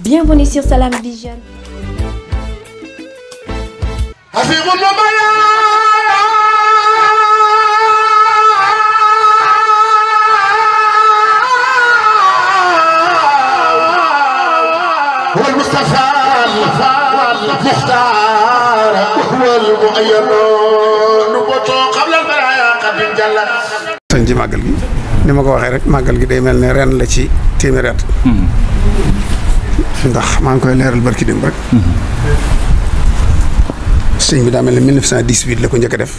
Bienvenue sur Salam Vision. المختار وهو المؤيد نبوت قبل البرايا قد جل sëñ ji màggal gi ni ma ko waxee rek màggal gi day mel ne ren la ci téeméeri ndax maa ngi koy leeral barki dem rek. sëñ bi daa mel ne uit la ko njëkk a def.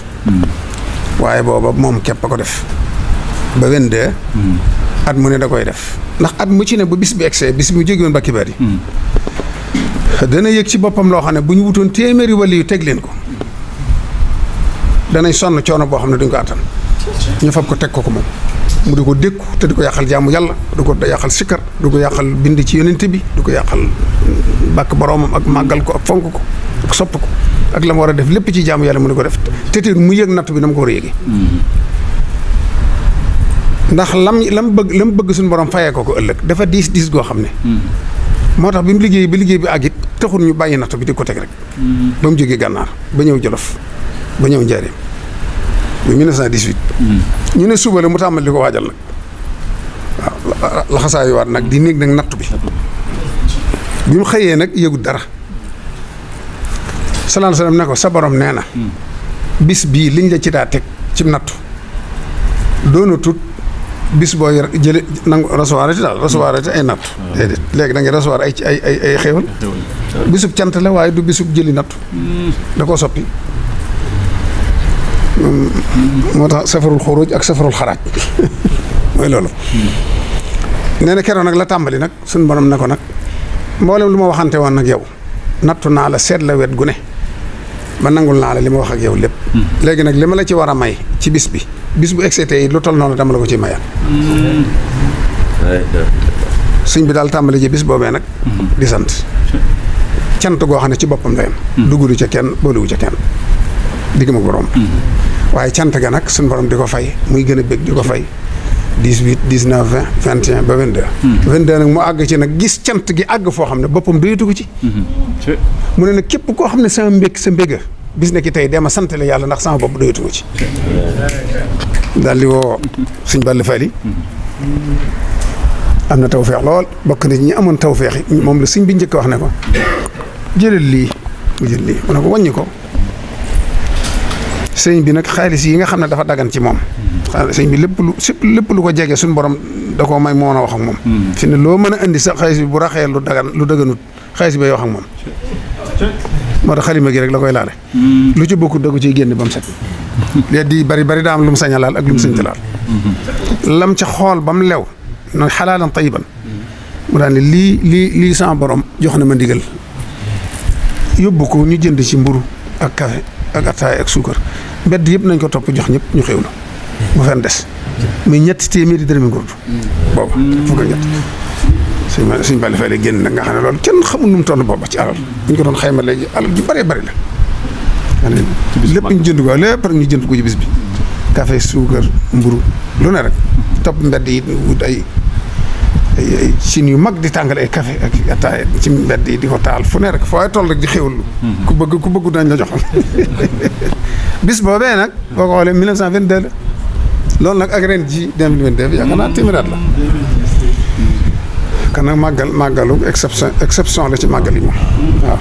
waaye booba moom képp a ko def. ba de at mu ne da koy def ndax at mu ci ne bu bis bi egsee bis bi mu jóge woon Mbacke Bari. dana yëg ci boppam loo xam ne bu ñu wutoon téeméeri wàll yu teg leen ko. danañ sonn coono boo xam ne duñ ko attan. ñu fab ko teg ko ko moom. mu di ko dékku te di ko yàqal jaamu yàlla du ko yàqal sikkar du ko yàqal bind ci yonente bi du ko yàqal bàkk boroomam ak màggal ko ak fonk ko ak sopp ko ak la ma war a def lépp ci jaamu yàlla mu di ko def te te mu yëg natt bi na ko war a yëgee ndax bëgg lam bëgg suñu borom fayee ko ëllëg dafa diis diis goo xam ne moo tax bi mu liggéey ba liggéey bi àggit taxul ñu bàyyi natt bi di ko teg rek mm-hmm. ba mu jógee gànnaar ba ñëw jolof ba ñëw njaareem muy 1918. Mm. ñu ne suba la mu tàmbali ko waajal nag waaw laxasaayu waat nag di néeg nag nattu bi bi mu xëyee nag yëgut dara salaam salaam ne ko sa borom nee na mm. bis bii liñ la ci daa teg ci nattu doona tut bis booy jële nangu recevoir ci daal recevoir ci ay nattu mm. déedéet léegi da ngay recevoir ay ay ay ay bisub cant la waaye du bisub jëli nattu da koo soppi moo tax safarul xuruj ak safarul xaraaj mooy loolu. nee keroon keroog nag la tàmbali nag suñu borom na ko nag mboolem lu ma waxante woon nag yow nattu naa la seet la wet gu ne ba nangul naa la li ma wax ak yow lépp. léegi nag li ma la ci war a may ci bis bi bis bu excité yi lu toll noonu dama la ko ci mayaat. suñ bi daal tàmbali ci bis boobee nag. di sant. cant goo xam ne ci boppam la yem. Hmm. ca kenn booluwu ca kenn. diggam ma boroom mm-hmm. waaye cant ga nag suñu borom di ko fay muy gën a bëgg di ko fay. 18 19 20 21 ba 22. 22 mm-hmm. nag mu àgg ci nag gis cant gi àgg foo xam ne boppam doyatu ko ci. Mm-hmm. mu ne nag képp koo xam ne sama mbég sa mbég bis na ki tey dama sant la yàlla ndax sama bopp doyatu ko ci. daal di woo suñ Balla Fally. am na taw feex lool bokk na ñu amoon tawféex yi moom la suñ bi njëkk wax ne ko jëlal lii mu jël lii ne ko wàññi ko. sëñ bi nag xaalis yi nga xam ne dafa dagan ci moom. Hmm. sëñ bi lépp lu sëpp lépp lu ko jege suñu borom da koo may moo a wax moom. Hmm. fi ne loo mën a indi sa xaalis bi bu raxee lu dagan lu daganut xaalis bay wax ak moom. moo tax xalima gi rek la koy laale. Hmm. lu ci bokkut dëgg ci génn ba mu set. léegi di bari bari daa am lu mu sañ laal ak lu mu sañ laal. lam ca xool ba mu lew na xalaalan tayiban mu daan lii lii lii sama borom jox na ma ndigal yóbbu ko ñu jënd ci mburu ak café ak attaay ak suukar mbedd yëpp nañ ko topp jox ñëpp ñu la bu fen des muy ñetti téeméeri dërëmi ngurdu booba fukk ak ñett suñ ma suñ fay la génn nag nga xam ne loolu kenn xamul nu mu toll booba ci alal buñ ko doon xayma léegi alal ju bëree bëri la lépp ñu jënd ko lépp rek ñu jënd ko ci bis bi kafe suukar mburu lu ne rek topp mbedd yi wut ay ay yu mag di tàngal ay café ak ataaya ci mbedd yi di ko taal fu ne rek foo toll rek di xéwlu. Mhm. ku bëgg ku bëggu dañ la jox bis boobee nag. Mhm. boo ko xoolee 1922 la. loolu nag ak ren ji 2022 yaakaar naa téeméeraat la. Mhm. kan nag màggal màggalu exception exception la ci màggal yi moom. waaw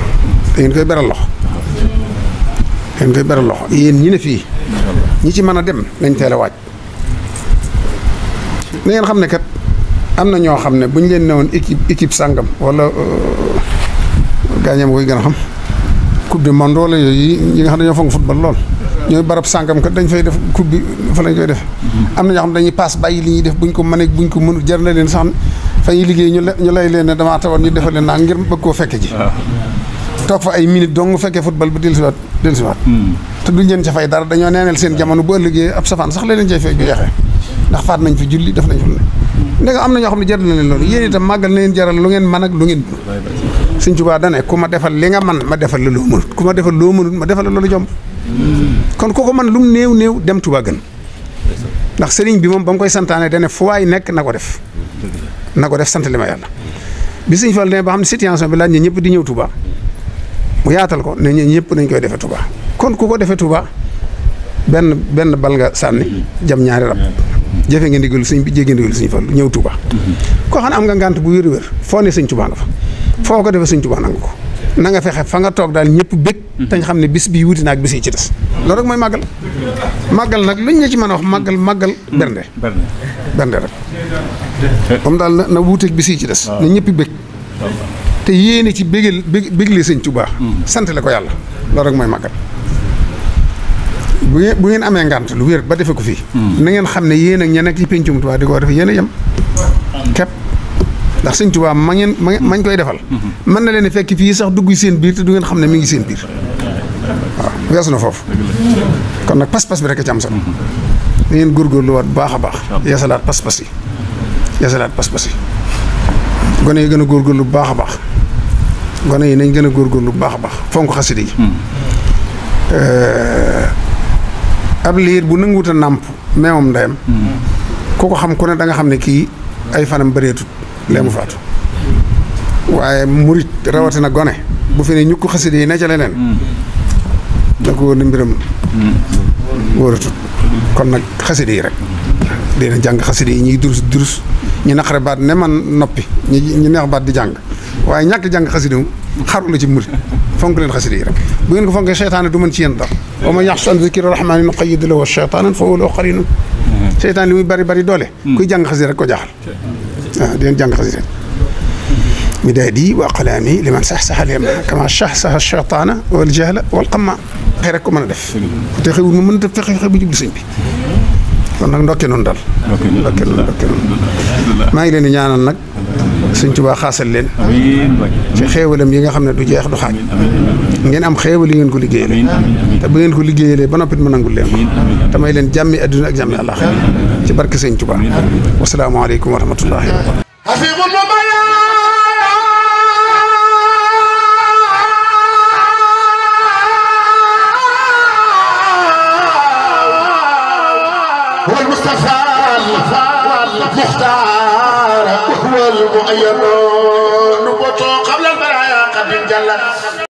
da ngeen koy beral loxo. da ngeen koy beral loxo yéen ñu ne fii. ñu ci mën a dem nañ teel a waaj. na ngeen xam ne kat. am na ñoo xam ne bu ñu leen newoon équipe équipe sàngam wala euh, gaañam koy gën a xam coupe du monde wala yooyu yi nga xam ne dañoo fonk football lool. ñooy barab sàngam kat dañ fay def coupe bi fa lañ koy def. Mm-hmm. am na ñoo xam dañuy paas bàyyi ñuy def buñ ko mënee buñ ko mënul jar leen sax fa ñuy liggéey ñu ñu lay leen ne damaa tawoon ñu defal leen naa ngir bëgg koo fekke ji. Ah. toog fa ay minute dong fekkee football bi dellusiwaat dellusiwaat. Mm. te duñ leen ca fay dara dañoo neeneel seen jamono bu ëllëgee ab safaan sax la leen cay fay bu jeexee ndax faat nañ fi julli def nañ fi ndega am na ñoo xam ne jaral na leen loolu yéen itam màggal na leen jaral lu ngeen man ak lu ngeen suñ Tuubaa dane ku ma defal li nga man ma defal la loo mënut ku ma defal loo mënut ma defal la loolu jomb kon kooku man lu néew néew dem ndax sëriñ bi moom ba koy santaane dane fu waay nekk na ko def na ko def sant li ma yàlla bi sëñ Fall ne ba xam ne situation bi laaj ñi ñëpp di ñëw Touba mu yaatal ko ne ñi ñëpp nañ koy defee Touba kon ku ko defee Touba benn benn bal nga sànni jam ñaari rab jëfe nga ndigal sëñ bi jéggi ndigal sëñ Fallu ñëw Touba koo xam ne am nga ngànt bu wér wér foo ne sëñ Touba nga fa foo ko defee sëñ Touba nangu ko nanga nga fexe fa nga toog daal ñëpp bég tañ xam ne bis bii wuti naag bis yi ci des loolu rek mooy màggal màggal nag luñ la ci mën a wax màggal màggal mm. bernde bernde rek comme daal na wuuteeg bis yi ci des na ñëpp bég te yéene ci bégal bég bégle sëñ Touba mm. sant la ko yàlla loolu rek mooy màggal bu ngeen bu ngeen amee ngant lu wér ba defe ko fii. Hmm. na ngeen xam ne yéen ak ña nekk ci pencum Tuubaa di ko def yéen a yem. képp ndax sëñ Tuubaa ma ngeen ma mañ koy defal. man hmm. na leen fekk fii sax dugg seen biir te du ngeen xam ne mu ngi seen biir waaw weesu na foofu. kon nag pas-pas bi rek a ci am solo. Hmm. na ngeen góorgóorluwaat bu baax a baax. yeesalaat pas-pas yi yeesalaat pas-pas yi. gone yi gën a góorgóorlu bu baax a baax gone yi nañ gën a góorgóorlu lu baax a baax fonk xasida yi. Euh, ab liir bu nanguwut a nàmp meewam ndeyam mm-hmm. ku ko xam ku ne da nga xam ne kii ay fanam bëreetut lee mu mm-hmm. faatu waaye murit rawatina mm-hmm. gone bu fi ne ñu ko xasida yi ne ca ko wóor ni kon nag xasida yi rek dina jàng xasida yi ñuy durus durus ñu naqare baat ne man noppi ñu ñu neex baat di jàng waaye ñàkk jàng xasida xaru la ci murit fonk leen xasida yi rek bu ngeen ko fonkee seytaane du mën ci yéen dara wa man yaxsh an zikri rahmaani nuqayyid lahu shaytaanan fa huwa lahu qariinun seytaan li muy bari bari doole. kuy jàng xasida rek ko jaaxal. waaw di leen jàng xasida mi daal di waa qalaami li man sax sax alyam kama sax sax shaytaana wal jahla wal qamma. xëy rek ko mën a def. te xëy mu mën a def fexe bu jublu sëñ bi. kon nag ndokke noonu daal. ndokke noonu ndokke noonu maa ngi leen di ñaanal nag. sëñ Tuubaa xaasal leen ci xéewalam yi nga xam ne du jeex du xaaj ngeen am xéewal yi ngeen ko liggéeyalee te bu ngeen ko liggéeyalee ba noppit ma nangul leen ko te may leen jàmmi adduna ak jàmmi àllaaxira ci barke sëñ Tuubaa wasalaamaaleykum wa rahmatullahi والمصطفى المختار المؤيد نبوة قبل البرايا قد جلت